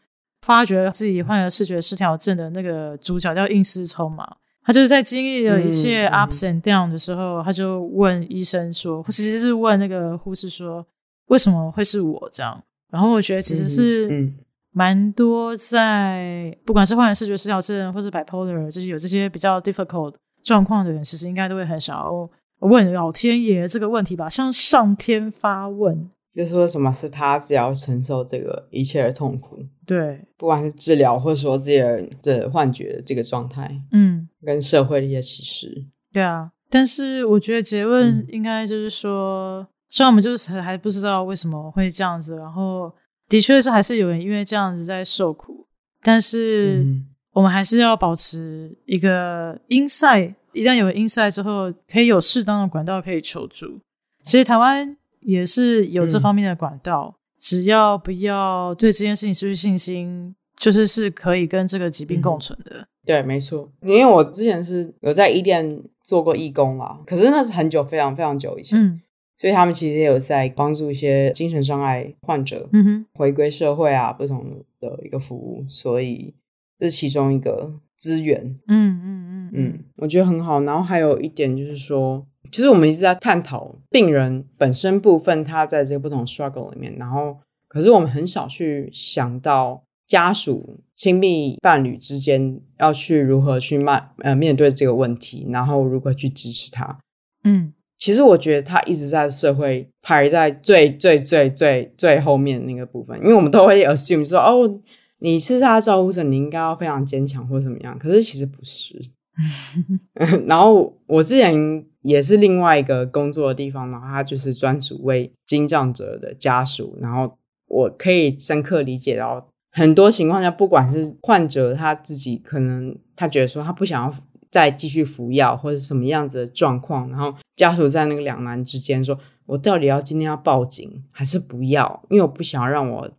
發覺自己患有思覺失調症的那個主角叫應思聰嘛。他就是在經歷了一切 ups and down 的時候，嗯嗯、他就問醫生說，或其實是問那個護士說，為什麼會是我這樣？然後我覺得其實是嗯，嗯，蠻多在不管是患有思覺失調症，或是 bipolar，就是有這些比較 difficult 狀況的人，其實應該都會很想要問老天爺這個問題吧，向上天發問。就說什麼是他，只要承受這個一切的痛苦。對，不管是治療，或者說自己人的幻覺的這個狀態，嗯，跟社會的一些歧視。對啊，但是我覺得結論應該就是說，嗯、雖然我們就是還不知道為什麼會這樣子，然後的確是還是有人因為這樣子在受苦，但是我們還是要保持一個 insight、嗯、一旦有 insight 之後，可以有適當的管道可以求助。其實台灣。也是有這方面的管道，嗯、只要不要對這件事情失去信心，就是是可以跟這個疾病共存的。嗯、對，沒錯，因為我之前是有在伊甸做過義工啊，可是那是很久、非常、非常久以前，嗯、所以他們其實也有在幫助一些精神障礙患者，嗯哼，回歸社會啊，不同的一個服務，所以這是其中一個資源。嗯嗯嗯嗯，我覺得很好。然後還有一點就是說。其實我們一直在探討病人本身部分，他在這個不同的 struggle 裡面，然後可是我們很少去想到家屬、親密伴侶之間要去如何去面呃面對這個問題，然後如何去支持他。嗯，其實我覺得他一直在社會排在最最最最最後面那個部分，因為我們都會有 assume 說，哦，你是他的照顧者，你應該要非常堅強或怎麼樣，可是其實不是。 然後我之前也是另外一個工作的地方嘛，然後他就是專屬為精障者的家屬。然後我可以深刻理解到，很多情況下，不管是患者他自己，可能他覺得說他不想要再繼續服藥，或者什麼樣子的狀況。然後家屬在那個兩難之間說，說我到底要今天要報警還是不要？因為我不想要讓我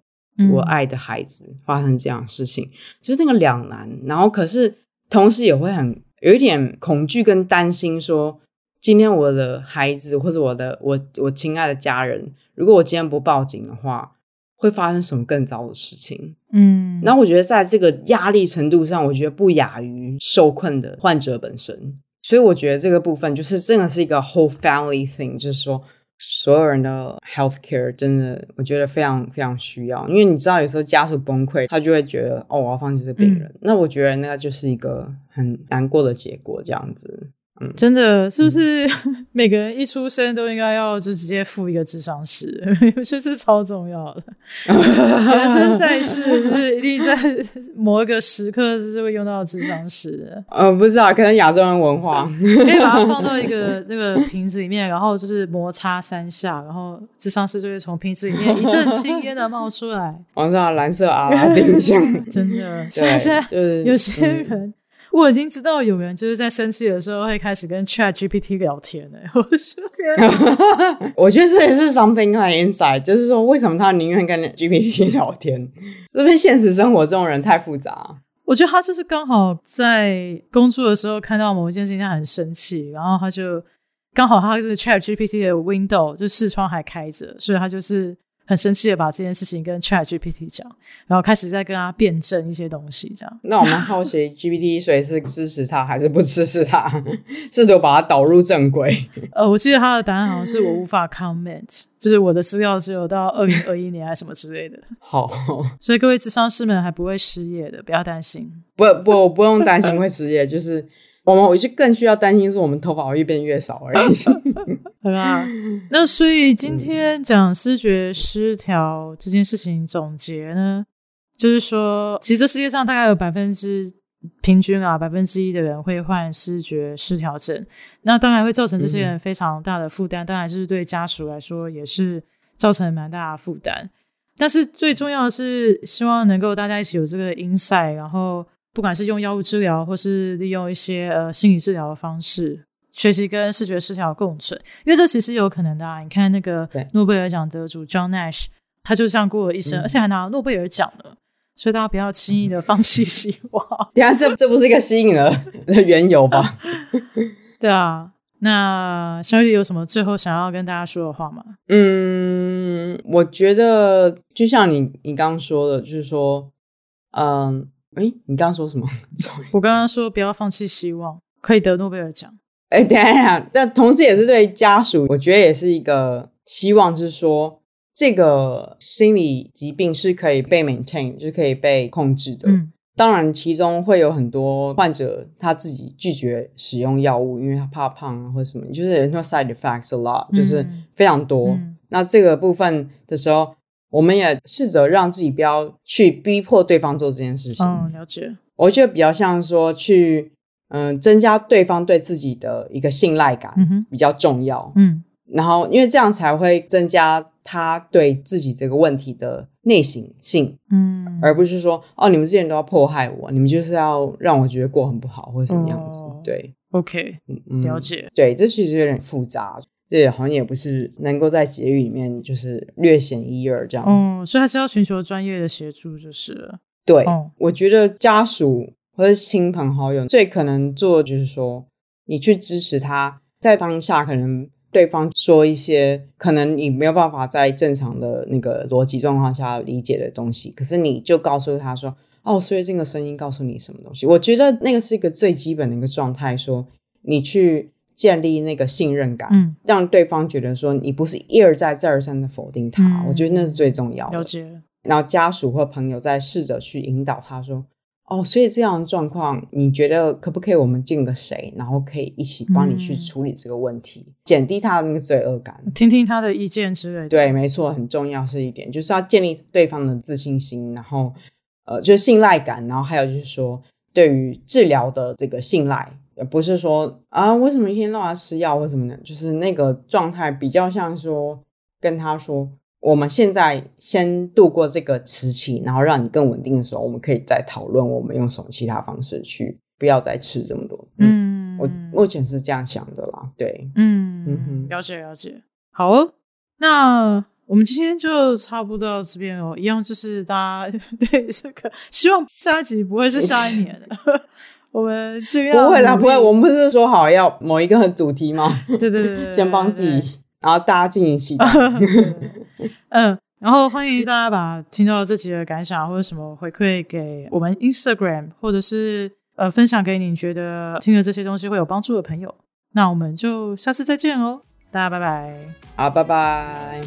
我愛的孩子發生這樣的事情，嗯、就是那個兩難。然後可是同時也會很。有一點恐懼跟擔心說，說今天我的孩子或者我的我我親愛的家人，如果我今天不報警的話，會發生什麼更糟的事情？嗯，然後我覺得在這個壓力程度上，我覺得不亞於受困的患者本身。所以我覺得這個部分就是真的是一個 whole family thing，就是說。所有人的 health care 真的，我覺得非常非常需要，因為你知道，有時候家屬崩潰，他就會覺得，哦，我要放棄這個病人，嗯、那我覺得那個就是一個很難過的結果，這樣子。嗯、真的是不是每個人一出生都應該要就直接附一個智商石？這、嗯、 是超重要的，人生 在世 就是一定在某一個時刻是會用到智商石的。呃，不知道、啊，可能亞洲人文化，可以把它放到一個那個瓶子裡面，然後就是摩擦三下，然後智商石就會從瓶子裡面一陣青煙的冒出來。網上藍色阿拉丁香，真的是不、就是？有些人、嗯。我已經知道有人就是在生氣的時候會開始跟 Chat GPT 聊天誒、欸、我說、啊、 我覺得這也是 something like inside，就是說為什麼他寧願跟 GPT 聊天，這邊現實生活中的人太複雜？我覺得他就是剛好在工作的時候看到某件事情，他很生氣，然後他就剛好他是 Chat GPT 的 window 就視窗還開着，所以他就是。很生氣的把這件事情跟 Chat GPT 講，然後開始在跟他辯證一些東西，這樣。那我們好奇，GPT 誰是支持他，還是不支持他？試圖 把它導入正軌。呃，我記得他的答案好像是我無法 comment， 就是我的資料只有到二零二一年還是什麼之類的。好， 所以各位諮商師們還不會失業的，不要擔心。不不不用擔心會失業， 就是。我們回去更需要擔心，是我們頭髮會變越少而已 對、啊。對吧，那所以今天講思覺失調這件事情總結呢，嗯、就是說，其實這世界上大概有百分之平均啊，百分之一的人會患思覺失調症，那當然會造成這些人非常大的負擔，嗯、當然就是對家屬來說也是造成蠻大的負擔。但是最重要的是，希望能夠大家一起有這個 insight 然後。不管是用藥物治療，或是利用一些呃心理治療的方式，學習跟思覺失調共存，因為這其實有可能的啊！你看那個諾貝爾獎得主 John Nash，他就這樣過了一生，嗯、而且還拿諾貝爾獎了，所以大家不要輕易的放棄希望。你看、嗯、這這不是一個吸引人的緣由吧 、啊？對啊，那小李有什麼最後想要跟大家說的話嗎？嗯，我覺得就像你你剛剛說的，就是說，嗯。哎，你剛剛說什麼？ 我剛剛說不要放棄希望，可以得諾貝爾獎。哎，等一下，但同時也是對家屬，我覺得也是一個希望，就是說這個心理疾病是可以被 maintain，就是可以被控制的。嗯、當然其中會有很多患者，他自己拒絕使用藥物，因為他怕胖啊或者什麼，就是有很多 side effects a lot，、嗯、就是非常多。嗯、那這個部分的時候。我們也試着讓自己不要去逼迫對方做這件事情。嗯、哦，了解。我覺得比較像說去，嗯、呃，增加對方對自己的一個信賴感，比較重要。嗯哼，然後因為這樣才會增加他對自己這個問題的內省性。嗯，而不是說哦，你們這些人都要迫害我，你們就是要讓我覺得過很不好或者什麼樣子。哦、對，OK，、嗯嗯、了解。對，這其實有點複雜。對，好像也不是能夠在節獄裡面，就是略顯一二這樣。嗯、哦，所以還是要尋求，求專業的協助，就是了。對，哦、我覺得家屬或者親朋好友最可能做的就是說你去支持他，在當下可能對方說一些，可能你沒有辦法在正常的那個邏輯狀況下理解的東西，可是你就告訴他說：“哦，所以這個聲音告訴你什麼東西。”我覺得那個是一個最基本的一個狀態，說你去。建立那個信任感，嗯、讓對方覺得說你不是一而再、再而三的否定他，嗯、我覺得那是最重要的。了解了。然後家屬或朋友再試着去引導他說：“哦，所以這樣的狀況，你覺得可不可以我們見個誰，然後可以一起幫你去處理這個問題，嗯、減低他的那個罪惡感，聽聽他的意見之類的。”對，沒錯，很重要是一點，就是要建立對方的自信心，然後呃，就是信賴感，然後還有就是說對於治療的這個信賴。也不是說啊，為什麼，一天到晚吃藥為什麼呢？就是那個狀態比較像說，跟他說，我們現在先度過這個時期，然後讓你更穩定的時候，我們可以再討論我們用什麼其他方式去不要再吃這麼多。嗯，嗯，我目前是這樣想的啦。對，嗯，嗯哼了解了解。好哦，那我們今天就差不多到這邊哦。一樣就是大家對這個，希望下一集不會是下一年。 我們就要不會啦，力不會。我們不是說好要某一個主題嗎？ 對，對對對，先幫自己，對對對然後大家進行一起。 嗯，然後歡迎大家把聽到這集的感想或者什麼回饋給我們 Instagram，或者是呃分享給你覺得聽了這些東西會有幫助的朋友。那我們就下次再見哦，大家拜拜。好，拜拜。